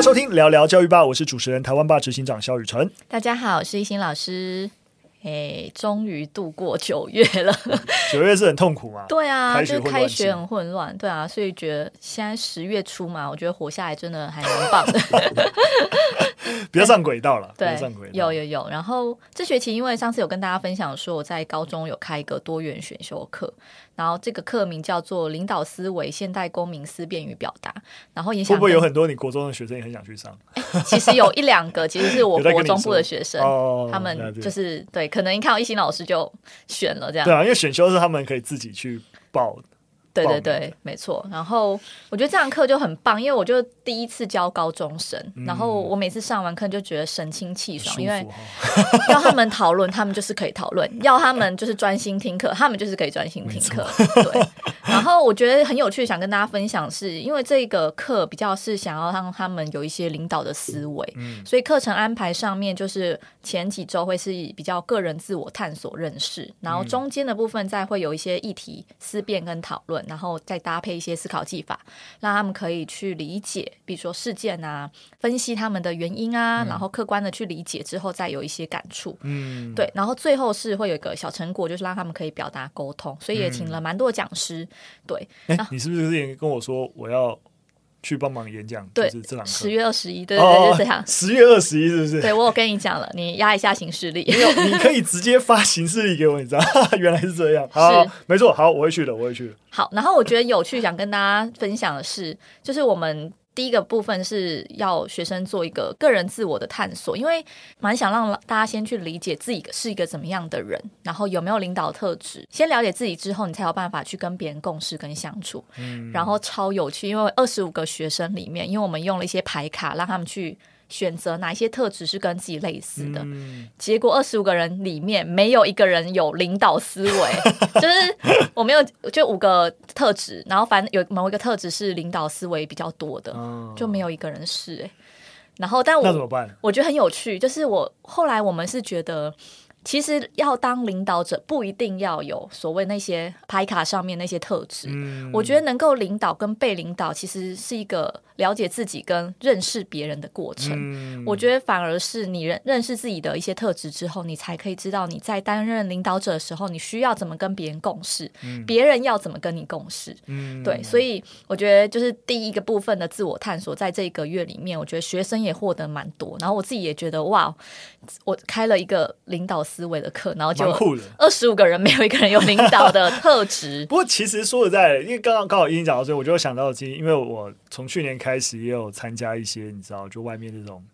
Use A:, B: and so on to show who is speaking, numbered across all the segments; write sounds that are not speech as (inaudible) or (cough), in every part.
A: 收聽聊聊教育吧，我是主持人台灣吧執行長蕭宇辰。
B: 大家好，我是懿心老師。哎、欸，終於度過九月了，
A: 九月是很痛苦嗎？對啊，開學、就是、開學很
B: 混亂，對啊，所以覺得現在十月初嘛，我覺得活下來真的還蠻棒的。
A: 不 (laughs) 要 (laughs) (laughs) 上軌道了，對上軌道，有
B: 有有。然後這學期因為上次有跟大家分享說我在高中有開一個多元選修課。然後這個課名叫做領導思維、現代公民思辨與表達，然後也想會不會有很
A: 多你國中的學生也很想去上？
B: 其實有一兩個， (laughs) 其實是我國中部的學生，他們就是哦哦哦他們、就是啊、對,對，可能一看到懿心老師就選了這樣。對啊，因為
A: 選修是他們可以自己去報的。對對對，
B: 沒錯。然後我覺得這堂課就很棒，因為我就第一次教高中生，嗯、然後我每次上完課就覺得神清氣爽、哦，因為要他們討論， (laughs) 他們就是可以討論；要他們就是專心聽課，他們就是可以專心聽課。對。然後我覺得很有趣，想跟大家分享是，是因為這個課比較是想要讓他們有一些領導的思維，嗯，所以課程安排上面就是前幾周會是比較個人自我探索認識，嗯，然後中間的部分再會有一些議題思辨跟討論，然後再搭配一些思考技法，讓他們可以去理解，比如說事件啊，分析他們的原因啊，嗯，然後客觀的去理解之後再有一些感觸，嗯，對，然後最後是會有一個小成果，就是讓他們可以表達溝通，所以也請了蠻多講師。嗯嗯對，哎、
A: 欸啊，你是不是之前跟我說我要去幫忙演講？對，是這兩，十月二十一，對對對，哦、這樣，十月二十一是不是？對，我
B: 有跟你講了，你壓一下行事曆， (laughs) 你可以
A: 直接發行事曆給我，你知道， (laughs) 原來是這樣，好，是哦、沒錯，好，我會去的，我會去。
B: 好，然後我覺得有趣，想跟大家分享的是， (laughs) 就是我們。第一個部分是要學生做一個個人自我的探索，因為蠻想讓大家先去理解自己是一個怎麼樣的人，然後有沒有領導特質。先了解自己之後，你才有辦法去跟別人共事跟相處。嗯，然後超有趣，因為二十五個學生裡面，因為我們用了一些牌卡讓他們去。選擇哪一些特質是跟自己類似的，嗯、結果二十五個人裡面沒有一個人有領導思維， (laughs) 就是我沒有就五個特質，然後反正有某一個特質是領導思維比較多的，哦，就沒有一個人是、欸，然後但我那怎麼辦？我覺得很有趣，就是我後來我們是覺得。其實要當領導者，不一定要有所謂那些牌卡上面那些特質。我覺得能夠領導跟被領導，其實是一個了解自己跟認識別人的過程。我覺得反而是你認識自己的一些特質之後，你才可以知道你在擔任領導者的時候，你需要怎麼跟別人共事，別人要怎麼跟你共事。對。所以我覺得就是第一個部分的自我探索，在這一個月裡面，我覺得學生也獲得蠻多，然後我自己也覺得哇，我開了一個領導。思維的課，然後就二十五個人沒有一個人有領導的
A: 特質。 (laughs) 不過其實說實在的，因為剛剛剛好懿心講到，所以我就想到其實因為我從去年開始也有參加一些，你知道，就外面這種，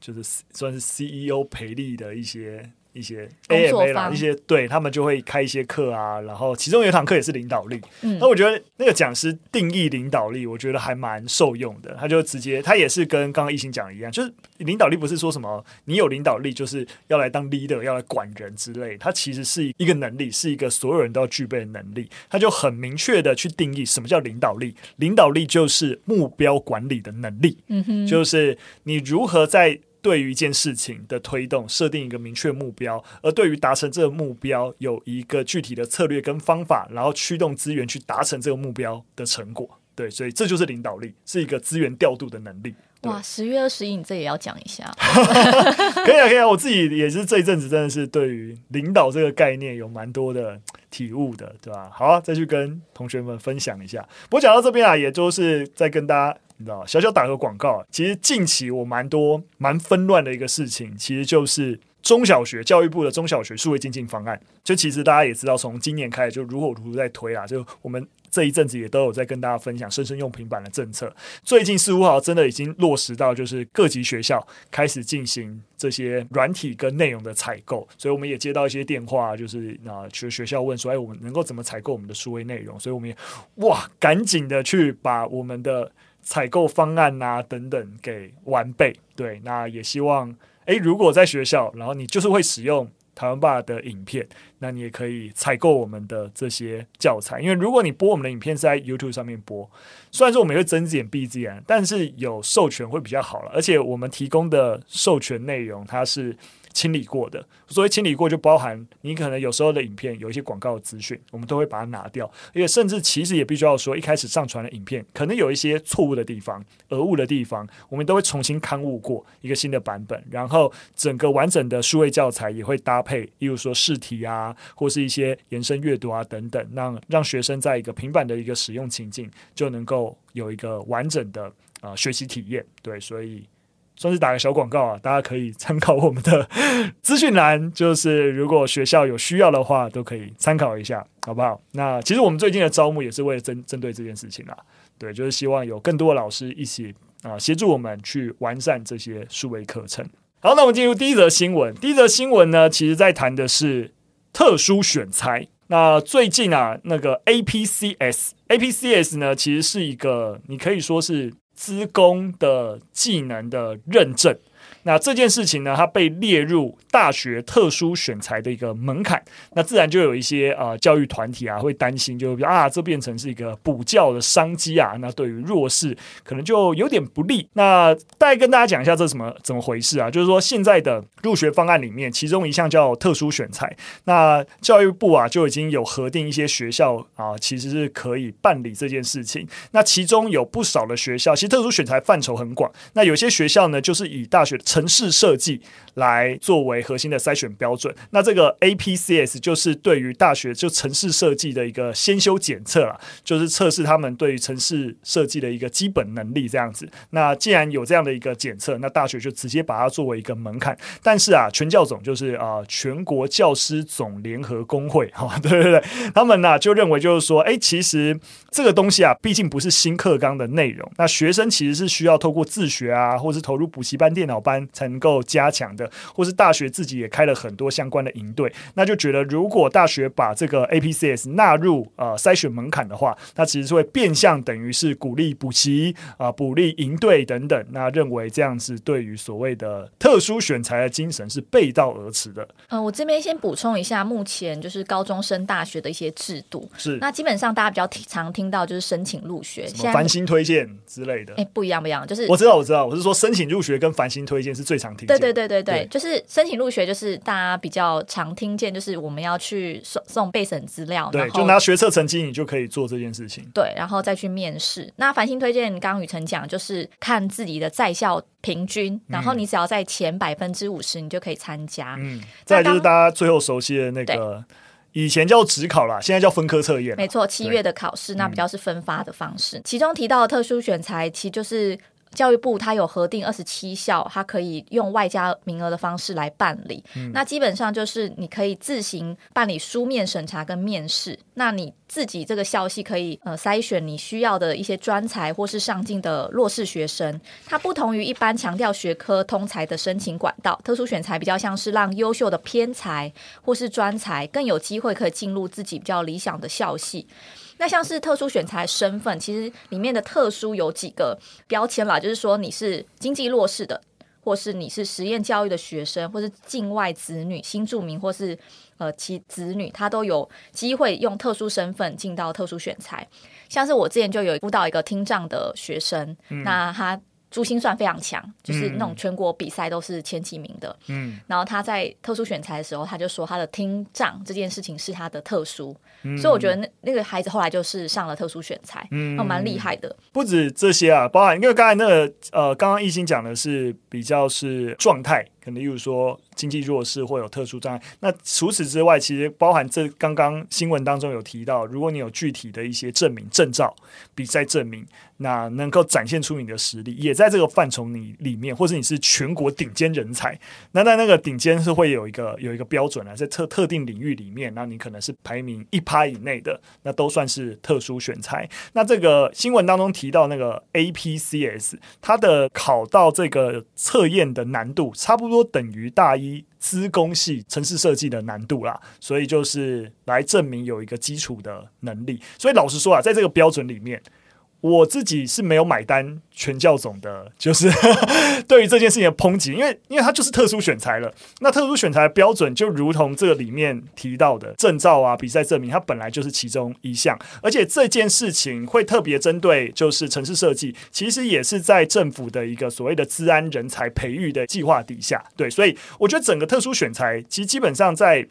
A: 就是算是 CEO 培力的一些。一些 AMA 啦，一些對他們就會開一些課啊，然後其中有一堂課也是領導力，嗯，那我覺得那個講師定義領導力，我覺得還蠻受用的。他就直接，他也是跟剛剛懿心講的一樣，就是領導力不是說什麼你有領導力就是要來當 leader，要來管人之類，他其實是一個能力，是一個所有人都要具備的能力。他就很明確的去定義什麼叫領導力，領導力就是目標管理的能力。嗯哼，就是你如何在。對於一件事情的推動，設定一個明確目標，而對於達成這個目標有一個具體的策略跟方法，然後驅動資源去達成這個目標的成果。對，所以這就是領導力，是一個資源調度的能力。
B: 哇，十月二十一，你這也要講一下？
A: (laughs) 可以啊，可以啊，我自己也是這一陣子真的是對於領導這個概念有蠻多的體悟的，對吧？好啊，再去跟同學們分享一下。我講到這邊啊，也就是在跟大家。你知道，小小打個廣告。其實近期我蠻多蠻紛亂的一個事情，其實就是中小學教育部的中小學數位精進方案。就其實大家也知道，從今年開始就如火如荼在推啊。就我們這一陣子也都有在跟大家分享，生生用平板的政策。最近似乎好像真的已經落實到，就是各級學校開始進行這些軟體跟內容的採購。所以我們也接到一些電話，就是啊，去學，學校問說：“哎，我們能夠怎麼採購我們的數位內容？”所以我們也哇，趕緊的去把我們的。採購方案啊等等給完備，對，那也希望，誒、欸，如果在學校，然後你就是會使用台灣吧的影片，那你也可以採購我們的這些教材，因為如果你播我們的影片是在 YouTube 上面播，雖然說我們也會睜隻眼閉隻眼，但是有授權會比較好了，而且我們提供的授權內容它是。清理過的，所謂清理過就包含你可能有時候的影片有一些廣告的資訊，我們都會把它拿掉。因為甚至其實也必須要說，一開始上傳的影片可能有一些錯誤的地方、訛誤的地方，我們都會重新勘誤過一個新的版本。然後整個完整的數位教材也會搭配，例如說試題啊，或是一些延伸閱讀啊等等，讓讓學生在一個平板的一個使用情境就能夠有一個完整的啊、呃、學習體驗。對，所以。算是打個小廣告啊，大家可以參考我們的資訊欄，就是如果學校有需要的話，都可以參考一下，好不好？那其實我們最近的招募也是為了針針對這件事情啊，對，就是希望有更多的老師一起啊，呃，協助我們去完善這些數位課程。好，那我們進入第一則新聞。第一則新聞呢，其實在談的是特殊選才。那最近啊，那個 APCS、APCS 呢，其實是一個你可以說是。資工的技能的認證。那這件事情呢，它被列入大學特殊選才的一個門檻，那自然就有一些呃教育團體啊會擔心就，就是說啊，這變成是一個補教的商機啊，那對於弱勢可能就有點不利。那再跟大家講一下這什麼怎麼回事啊？就是說現在的入學方案裡面，其中一項叫特殊選才，那教育部啊就已經有核定一些學校啊，其實是可以辦理這件事情。那其中有不少的學校，其實特殊選才範疇很廣，那有些學校呢，就是以大學的。程式設計來作為核心的篩選標準，那這個 APCS 就是對於大學就程式設計的一個先修檢測了，就是測試他們對於程式設計的一個基本能力這樣子。那既然有這樣的一個檢測，那大學就直接把它作為一個門檻。但是啊，全教總就是啊、呃，全國教師總聯合工會哈、啊，對對對，他們呢、啊、就認為就是說，哎、欸，其實這個東西啊，畢竟不是新課綱的內容，那學生其實是需要透過自學啊，或是投入補習班、電腦班。才能夠加強的，或是大學自己也開了很多相關的營隊，那就覺得如果大學把這個 APCS 納入呃篩選門檻的話，那其實是會變相等於是鼓勵補習啊、鼓勵營隊等等。那認為這樣子對於所謂的特殊選才的精神是背道而馳的。
B: 嗯、呃，我這邊先補充一下，目前就是高中升大學的一些制度是，那基本上大家比較常聽到就是申請入學、繁
A: 星推薦之類的。哎、
B: 欸，不一樣不一樣，就是我知
A: 道我知道，我是說申請入學跟繁星推薦。是最常聽的。對對
B: 對對對，對，就是申請入學，就是大家比較常聽見，就是我們要去送送備審資料。對，就拿學
A: 測成績，你就可以做這件事情。
B: 對，然後再去面試。那繁星推薦剛宇辰講，就是看自己的在校平均，嗯、然後你只要在前百分之五十，你就可以參加。嗯，再
A: 來就是大家最後熟悉的那個，以前叫指考啦，現在叫分科測驗。
B: 沒錯，七月的考試那比較是分發的方式，嗯、其中提到的特殊選才，其實就是。教育部它有核定二十七校，它可以用外加名額的方式來辦理。嗯。那基本上就是你可以自行辦理書面審查跟面試。那你自己這個校系可以呃篩選你需要的一些專才或是上進的弱勢學生。它不同於一般強調學科通才的申請管道，特殊選才比較像是讓優秀的偏才或是專才更有機會可以進入自己比較理想的校系。那像是特殊選才身份，其實裡面的特殊有幾個標籤啦，就是說你是經濟弱勢的，或是你是實驗教育的學生，或是境外子女、新住民，或是呃其子女，他都有機會用特殊身份進到特殊選才。像是我之前就有輔導一個聽障的學生，嗯、那他。珠心算非常強，就是那種全國比賽都是前幾名的。嗯，然後他在特殊選才的時候，他就說他的聽障這件事情是他的特殊，嗯，所以我覺得那那個孩子後來就是上了特殊選才，嗯，那蠻厲害的。
A: 不止這些啊，包含因為剛才那個呃，剛剛懿心講的是比較是狀態。可能，例如說經濟弱勢或有特殊障礙。那除此之外，其實包含這剛剛新聞當中有提到，如果你有具體的一些證明、證照、比賽證明，那能夠展現出你的實力，也在這個範疇裡裡面，或者你是全國頂尖人才。那在那個頂尖是會有一個有一個標準啊，在特特定領域裡面，那你可能是排名一趴以內的，那都算是特殊選材。那這個新聞當中提到那個 APCS，它的考到這個測驗的難度差不多。多等於大一資工系程式設計的難度啦，所以就是來證明有一個基礎的能力。所以老實說啊，在這個標準裡面。我自己是沒有買單全教總的，就是對於這件事情的抨擊，因為因為它就是特殊選才了。那特殊選才的標準就如同這個裡面提到的證照啊、比賽證明，它本來就是其中一項。而且這件事情會特別針對，就是程式設計，其實也是在政府的一個所謂的資安人才培育的計劃底下。對，所以我覺得整個特殊選才其實基本上在。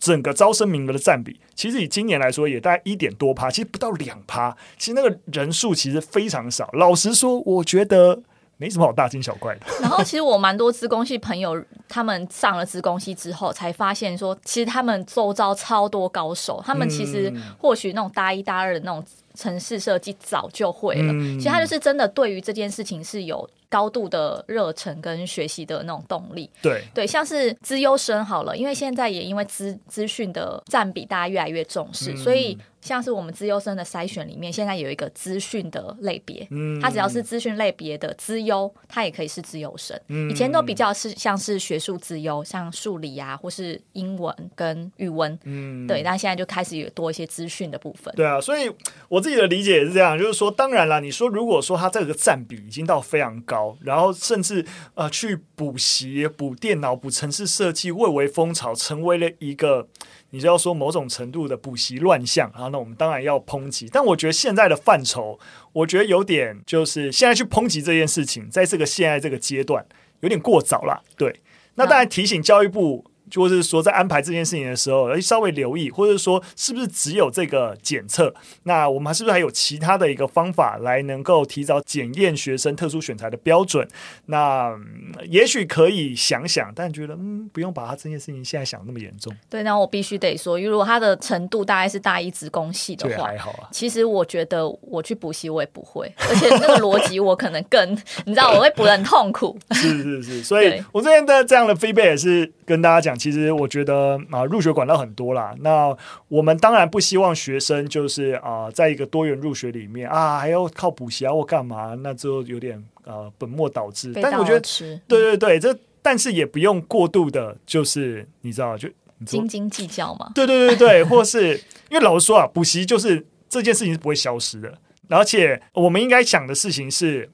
A: 整個招生名額的占比，其實以今年來說也大概一點多趴，其實不到兩趴。其實那個人數其實非常少，老實說，我覺得沒什麼好大驚小怪的。
B: 然後，其實我蠻多資工系朋友，他們上了資工系之後，才發現說，其實他們周遭超多高手。他們其實或許那種大一大二的那種程式設計早就會了。其實他就是真的對於這件事情是有。高度的熱忱跟學習的那種動力，對對，像是資優生好了，因為現在也因為資資訊的佔比，大家越來越重視，所以、嗯。像是我們資優生的篩選裡面，現在有一個資訊的類別，嗯，它只要是資訊類別的資優，它也可以是資優生、嗯。以前都比較是像是學術資優，像數理啊，或是英文跟語文，嗯，對。但現在就開始有多一些資訊的部分。
A: 對啊，所以我自己的理解也是這樣，就是說，當然啦，你說如果說它這個佔比已經到非常高，然後甚至呃去補習、補電腦、補程式設計，蔚為風潮，成為了一個。你就要說某種程度的補習亂象，然後那我們當然要抨擊。但我覺得現在的範疇，我覺得有點就是現在去抨擊這件事情，在這個現在這個階段，有點過早了。對，那當然提醒教育部。就是說，在安排這件事情的時候，要、欸、稍微留意，或者說是不是只有這個檢測？那我們還是不是還有其他的一個方法來能夠提早檢驗學生特殊選才的標準？那也許可以想想，但覺得嗯，不用把它這件事情現在想那麼嚴重。
B: 對，那我必須得說，因為如果他的程度大概是大一資工系的話，還好啊。其實我覺得我去補習我也不會，而且那個邏輯我可能跟， (laughs) 你知道，我會補得很痛苦。是是
A: 是，所以我這邊的這樣的 feedback 也是跟大家講。其實我覺得啊，入學管道很多啦。那我們當然不希望學生就是啊、呃，在一個多元入學裡面啊，還要靠補習啊或幹嘛，那就後有點啊、呃、本末倒置。但是我覺得、嗯，對對對，這但是也不用過度的，就是你知道，就斤
B: 斤計較嘛。對對對對，或
A: 是 (laughs) 因為老實說啊，補習就是這件事情是不會消失的。而且我們應該想的事情是，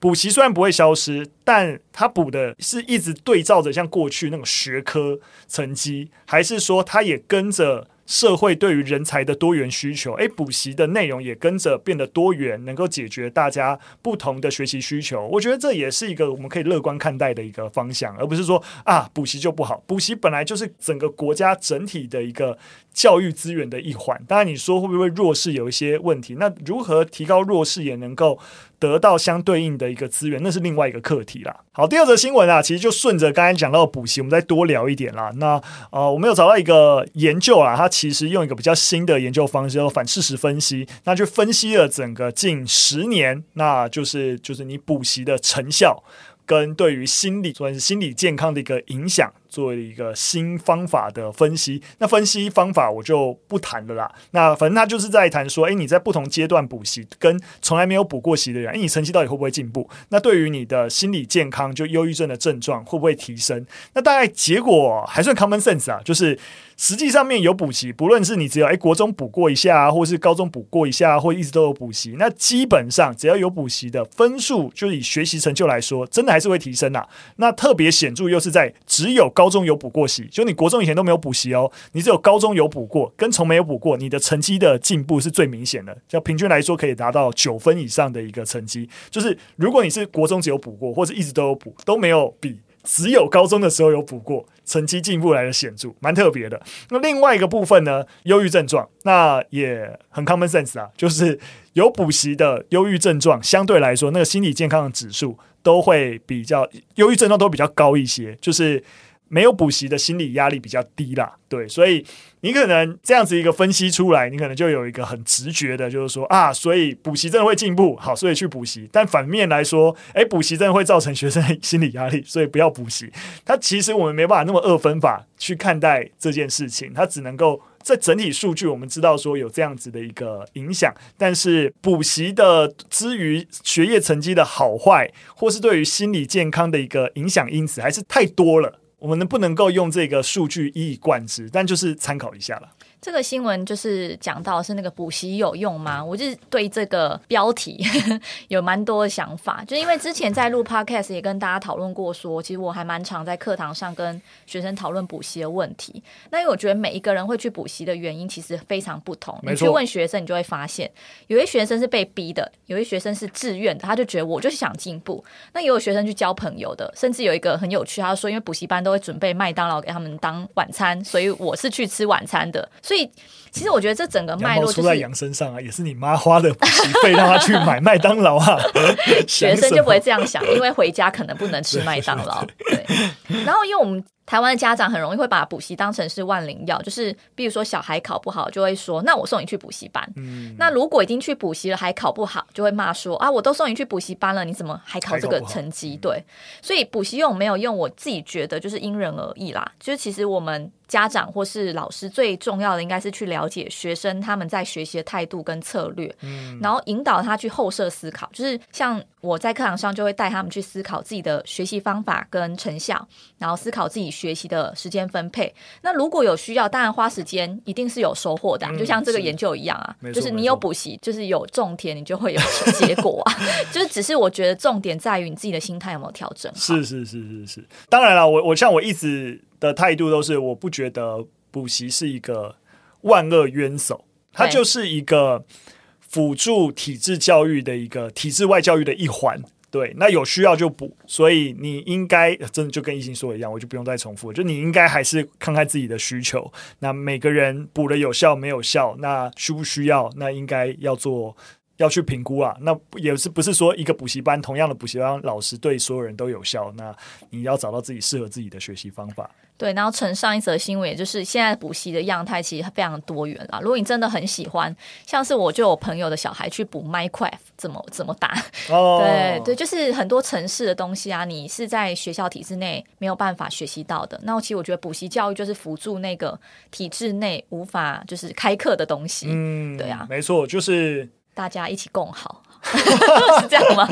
A: 補習雖然不會消失。但他補的是一直對照着像過去那種學科成績，還是說他也跟着社會對於人才的多元需求？哎、欸，補習的內容也跟着變得多元，能夠解決大家不同的學習需求。我覺得這也是一個我們可以樂觀看待的一個方向，而不是說啊補習就不好。補習本來就是整個國家整體的一個教育資源的一環。當然，你說會不會弱勢有一些問題？那如何提高弱勢也能夠得到相對應的一個資源？那是另外一個課題。好，第二則新聞啊，其實就順着剛才講到的補習，我們再多聊一點啦。那呃，我們有找到一個研究啊，它其實用一個比較新的研究方式，叫反事實分析，那就分析了整個近十年，那就是就是你補習的成效跟對於心理，算是心理健康的一個影響。做一個新方法的分析，那分析方法我就不談了啦。那反正他就是在談說，哎、欸，你在不同階段補習，跟從來沒有補過習的人，哎、欸，你成績到底會不會進步？那對於你的心理健康，就憂鬱症的症狀會不會提升？那大概結果還算 common sense 啊，就是實際上面有補習，不論是你只有哎、欸、國中補過一下、啊，或是高中補過一下、啊，或一直都有補習，那基本上只要有補習的分數，就以學習成就來說，真的還是會提升吶、啊。那特別顯著又是在只有高高中有補過習，就你國中以前都沒有補習哦，你只有高中有補過，跟從沒有補過，你的成績的進步是最明顯的。就平均來說，可以達到九分以上的一個成績。就是如果你是國中只有補過，或是一直都有補，都沒有比只有高中的時候有補過，成績進步來的顯著，蠻特別的。那另外一個部分呢，憂鬱症狀，那也很 common sense 啊，就是有補習的憂鬱症狀，相對來說，那個心理健康的指數都會比較憂鬱症狀都比較高一些，就是。沒有補習的心理壓力比較低啦，對，所以你可能這樣子一個分析出來，你可能就有一個很直覺的，就是說啊，所以補習真的會進步，好，所以去補習。但反面來說，誒，補習真的會造成學生的心理壓力，所以不要補習。它其實我們沒辦法那麼二分法去看待這件事情，它只能夠在整體數據我們知道說有這樣子的一個影響，但是補習的之於學業成績的好壞，或是對於心理健康的一個影響因子，還是太多了。我們能不能夠用這個數據一以貫之？但就是參考一下了。
B: 這個新聞就是講到是那個補習有用嗎？我就是對這個標題 (laughs) 有蠻多的想法，就是因為之前在錄 podcast 也跟大家討論過說，說其實我還蠻常在課堂上跟學生討論補習的問題。那因為我覺得每一個人會去補習的原因其實非常不同。你去問學生，你就會發現，有些學生是被逼的，有些學生是自願的，他就覺得我就是想進步。那也有學生去交朋友的，甚至有一個很有趣，他就說因為補習班都會準備麥當勞給他們當晚餐，所以我是去吃晚餐的。所以所以，其實我覺得這整個脈絡、就是、出在羊
A: 身上啊，也是你媽花的補習費讓他去買麥當勞啊。學 (laughs) 生就不會這
B: 樣想， (laughs) 因為回家可能不能吃麥當勞。對。對對對 (laughs) 然後，因為我們台灣的家長很容易會把補習當成是萬靈藥，就是比如說小孩考不好，就會說：“那我送你去補習班。”嗯。那如果已經去補習了還考不好，就會罵說：“啊，我都送你去補習班了，你怎麼還考這個成績？”對。所以補習用沒有用，我自己覺得就是因人而異啦。就是其實我們。家長或是老師最重要的應該是去了解學生他們在學習的態度跟策略，嗯，然後引導他去後設思考，就是像我在課堂上就會帶他們去思考自己的學習方法跟成效，然後思考自己學習的時間分配。那如果有需要，當然花時間一定是有收穫的，啊嗯，就像這個研究一樣啊，是就是你有補習，就是有種田，你就會有結果啊。 (laughs) (laughs) 就是只是我覺得重點在於你自己的心態有沒有調整。
A: 是是是是是，當然了，我我像我一直。的態度都是，我不覺得補習是一個萬惡淵藪，它就是一個輔助體制教育的一個體制外教育的一環。對，那有需要就補，所以你應該真的就跟懿心說一樣，我就不用再重複了。就你應該還是看看自己的需求。那每個人補了有效沒有效，那需不需要，那應該要做要去評估啊。那也不是說一個補習班同樣的補習班老師對所有人都有效。那你要找到自己適合自己的學習方法。
B: 對，然後承上一則新聞，也就是現在補習的樣態，其實非常多元了。如果你真的很喜歡，像是我就有朋友的小孩去補 Minecraft，怎麼怎麼打
A: ？Oh. 對對，
B: 就是很多程式的東西啊，你是在學校體制內沒有辦法學習到的。那其實我覺得補習教育就是輔助那個體制內無法就是開課的東西。嗯，
A: 對啊，沒錯，就是
B: 大家一起共好， (laughs) 是這樣嗎？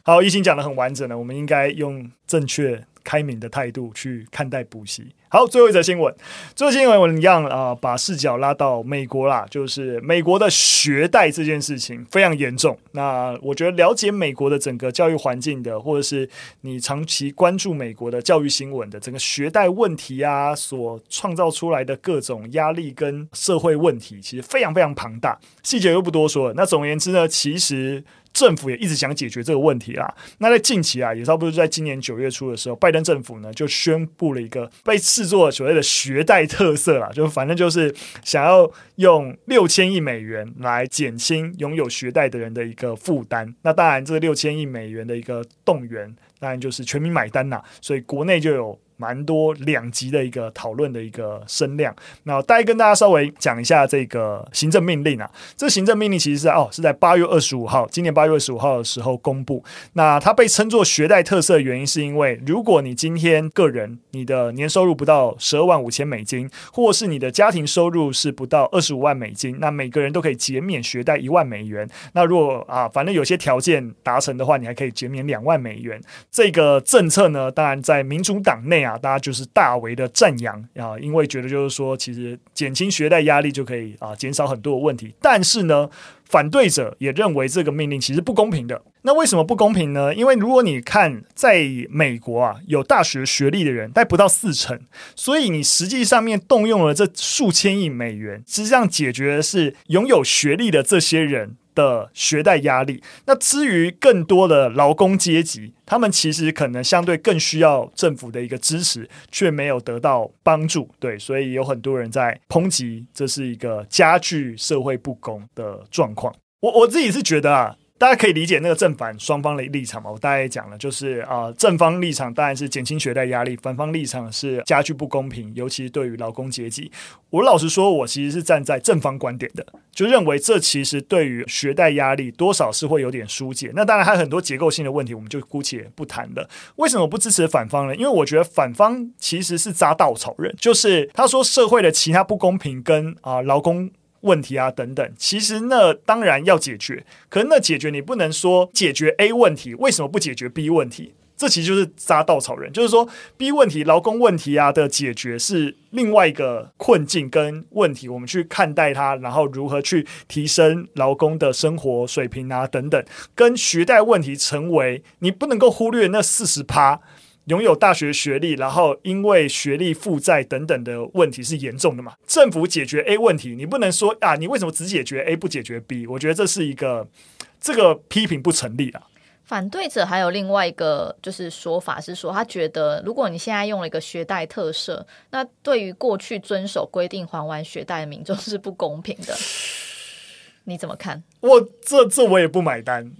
A: (laughs) 好，懿心講得很完整了，我們應該用正確。開明的態度去看待補習。好，最後一則新聞。最後一則新聞一樣啊、呃，把視角拉到美國啦，就是美國的學貸這件事情非常嚴重。那我覺得了解美國的整個教育環境的，或者是你長期關注美國的教育新聞的，整個學貸問題啊，所創造出來的各種壓力跟社會問題，其實非常非常龐大。細節又不多說了。那總而言之呢，其實。政府也一直想解決這個問題啦。那在近期啊，也差不多在今年九月初的時候，拜登政府呢，就宣布了一個被視作所謂的學貸特赦啦，就反正就是想要用六千億美元來減輕擁有學貸的人的一個負擔。那當然，這六千億美元的一個動員，當然就是全民買單啦。所以國內就有。蠻多兩極的一個討論的一個聲量，那大概跟大家稍微講一下這個行政命令啊，這行政命令其實是哦是在八月二十五號，今年八月二十五號的時候公布。那它被稱作學貸特赦的原因，是因為如果你今天個人你的年收入不到十二萬五千美金，或是你的家庭收入是不到二十五萬美金，那每個人都可以減免學貸一萬美元。那若啊，反正有些條件達成的話，你還可以減免兩萬美元。這個政策呢，當然在民主黨內啊。啊，大家就是大為的讚揚啊，因為覺得就是說，其實減輕學貸壓力就可以啊，減少很多的問題。但是呢，反對者也認為這個命令其實不公平的。那為什麼不公平呢？因為如果你看在美國啊，有大學學歷的人，大概不到四成，所以你實際上面動用了這數千億美元，實際上解決的是擁有學歷的這些人。的學貸壓力，那至於更多的勞工階級，他們其實可能相對更需要政府的一個支持，卻沒有得到幫助。對，所以有很多人在抨擊，這是一個加劇社會不公的狀況。我我自己是覺得啊。大家可以理解那個正反雙方的立場嘛？我大概講了，就是啊、呃，正方立場當然是減輕學貸壓力，反方立場是加劇不公平，尤其是對於勞工階級。我老實說，我其實是站在正方觀點的，就認為這其實對於學貸壓力多少是會有點紓解。那當然還有很多結構性的問題，我們就姑且不談了。為什麼我不支持反方呢？因為我覺得反方其實是紮稻草人，就是他說社會的其他不公平跟啊、呃、勞工。問題啊，等等，其實那當然要解決，可是那解決你不能說解決 A 問題，為什麼不解決 B 問題？這其實就是扎稻草人。就是說 B 問題，勞工問題啊的解決是另外一個困境跟問題，我們去看待它，然後如何去提升勞工的生活水平啊，等等，跟學貸問題成為你不能夠忽略那四十趴，擁有大學學歷，然後因為學歷負債等等的問題是嚴重的嘛？政府解決 A 問題，你不能說啊，你為什麼只解決 A 不解決 B？我覺得這是一個這個批評不成立啊。
B: 反對者還有另外一個就是說法是說，他覺得如果你現在用了一個學貸特赦，那對於過去遵守規定還完學貸的民眾是不公平的。 (laughs) 你怎麼看？
A: 我這這我也不買單。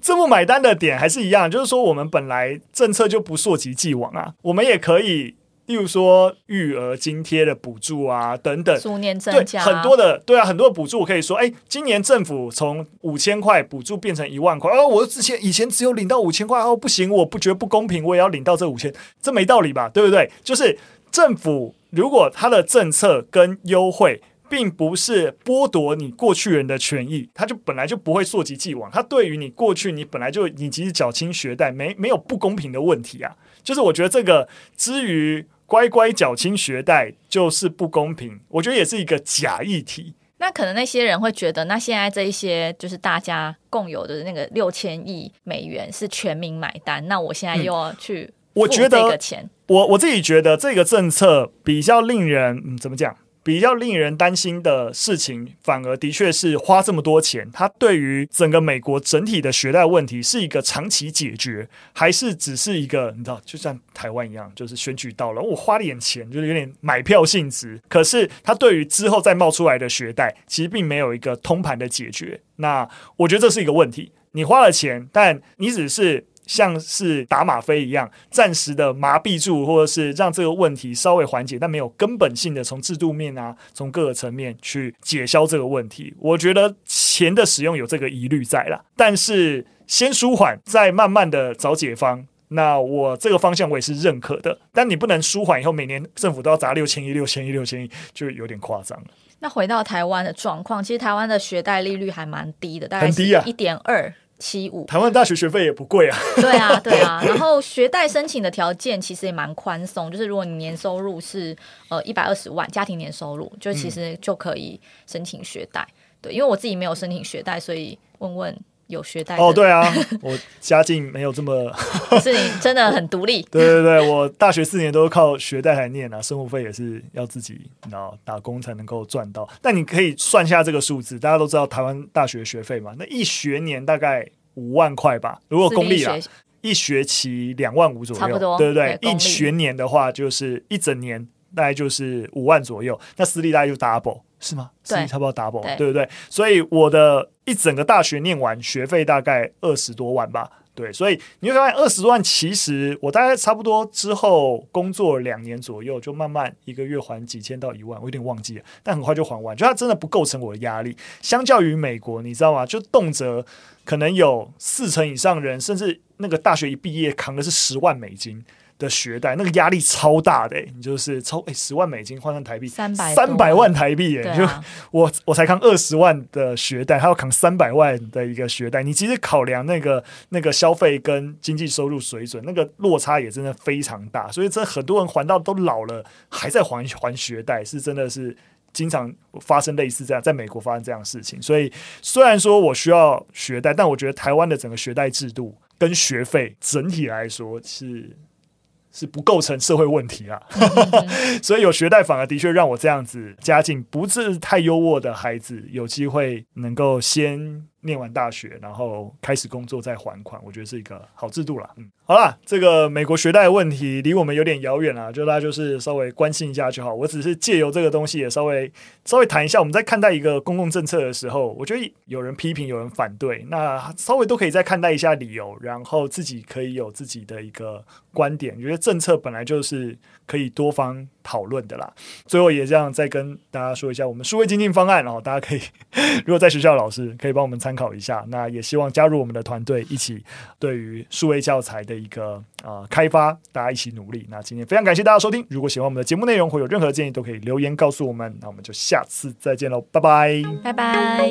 A: 這 (laughs) 不買單的點，還是一樣，就是說我們本來政策就不溯及既往啊，我們也可以，例如說育兒津貼的補助啊等等，
B: 對，很多的，
A: 對啊，很多的補助我可以說，哎，今年政府從五千塊補助變成一萬塊，哦，我之前以前只有領到五千塊，哦，不行，我不覺得不公平，我也要領到這五千，這沒道理吧，對不對？就是政府如果他的政策跟優惠並不是剝奪你過去人的權益，他就本來就不會溯及既往。他對於你過去，你本來就已經是繳清學貸，沒沒有不公平的問題啊。就是我覺得這個，至於乖乖繳清學貸，就是不公平。我覺得也是一個假議題。
B: 那可能那些人會覺得，那現在這一些就是大家共有的那個六千億美元是全民買單。那我現在又要去這個、嗯，我覺得錢，
A: 我我自己覺得這個政策比較令人、嗯、怎麼講？比較令人擔心的事情，反而的確是花這麼多錢。它對於整個美國整體的學貸問題，是一個長期解決，還是只是一個你知道，就像台灣一樣，就是選舉到了，我花點錢，就是有點買票性質。可是它對於之後再冒出來的學貸，其實並沒有一個通盤的解決。那我覺得這是一個問題。你花了錢，但你只是。像是打嗎啡一樣，暫時的麻痹住，或者是讓這個問題稍微緩解，但沒有根本性的從制度面啊，從各個層面去解消這個問題。我覺得錢的使用有這個疑慮在啦，但是先舒緩，再慢慢的找解方。那我這個方向我也是認可的，但你不能舒緩以後每年政府都要砸六千億、六千億、六千億，就有點誇張了。
B: 那回到台灣的狀況，其實台灣的學貸利率還蠻低的，很低啊。大概是一點二。
A: 七五，台灣大學學費也不貴啊。 (laughs) 對
B: 啊，對啊。然後學貸申請的條件其實也蠻寬鬆，就是如果你年收入是呃一百二十萬，家庭年收入就其實就可以申請學貸。對，因為我自己沒有申請學貸，所以問問。有學貸哦，對啊，
A: (laughs) 我家境沒有這麼， (laughs) 是
B: 你真的很獨立。 (laughs) 對對
A: 對，我大學四年都是靠學貸來念啊，生活費也是要自己然後打工才能夠賺到。但你可以算下這個數字，大家都知道台灣大學學費嘛，那一學年大概五萬塊吧，如果公立啦，立學一學期兩萬五左右，差不多對不對對，一學年的話就是一整年大概就是五萬左右，那私立大概就 double。是嗎？對，差不多 double，對，對不對，對。所以我的一整個大學唸完，學費大概二十多萬吧。對，所以你會發現二十多萬，其實我大概差不多之後工作兩年左右，就慢慢一個月還幾千到一萬，我有點忘記了，但很快就還完，就它真的不構成我的壓力。相較於美國，你知道嗎？就動輒可能有四成以上人，甚至那個大學一畢業扛的是十萬美金。的學貸那個壓力超大的、欸，你就是超誒十、欸、萬美金換算台幣三百三百萬台幣、欸啊，就我我才扛二十萬的學貸，還要扛三百萬的一個學貸，你其實考量那個那個消費跟經濟收入水準，那個落差也真的非常大，所以這很多人還到都老了還在還還學貸，是真的是經常發生類似這樣在美國發生這樣的事情，所以雖然說我需要學貸，但我覺得台灣的整個學貸制度跟學費整體來說是。是不構成社會問題啊 (laughs) (laughs) 所以有學貸反而的確讓我這樣子家境不是太優渥的孩子有機會能夠先。念完大學，然後開始工作再還款，我覺得是一個好制度了。嗯，好了，這個美國學貸問題離我們有點遙遠了，就大家就是稍微關心一下就好。我只是借由這個東西也稍微稍微談一下，我們在看待一個公共政策的時候，我覺得有人批評，有人反對，那稍微都可以再看待一下理由，然後自己可以有自己的一個觀點。覺得政策本來就是可以多方。討論的啦，最後也這樣再跟大家說一下，我們數位精進方案，哦，然後大家可以如果在學校的老師可以幫我們參考一下，那也希望加入我們的團隊一起對於數位教材的一個，呃，開發，大家一起努力。那今天非常感謝大家收聽，如果喜歡我們的節目內容或有任何建議，都可以留言告訴我們。那我們就下次再見嘍，拜拜，
B: 拜拜。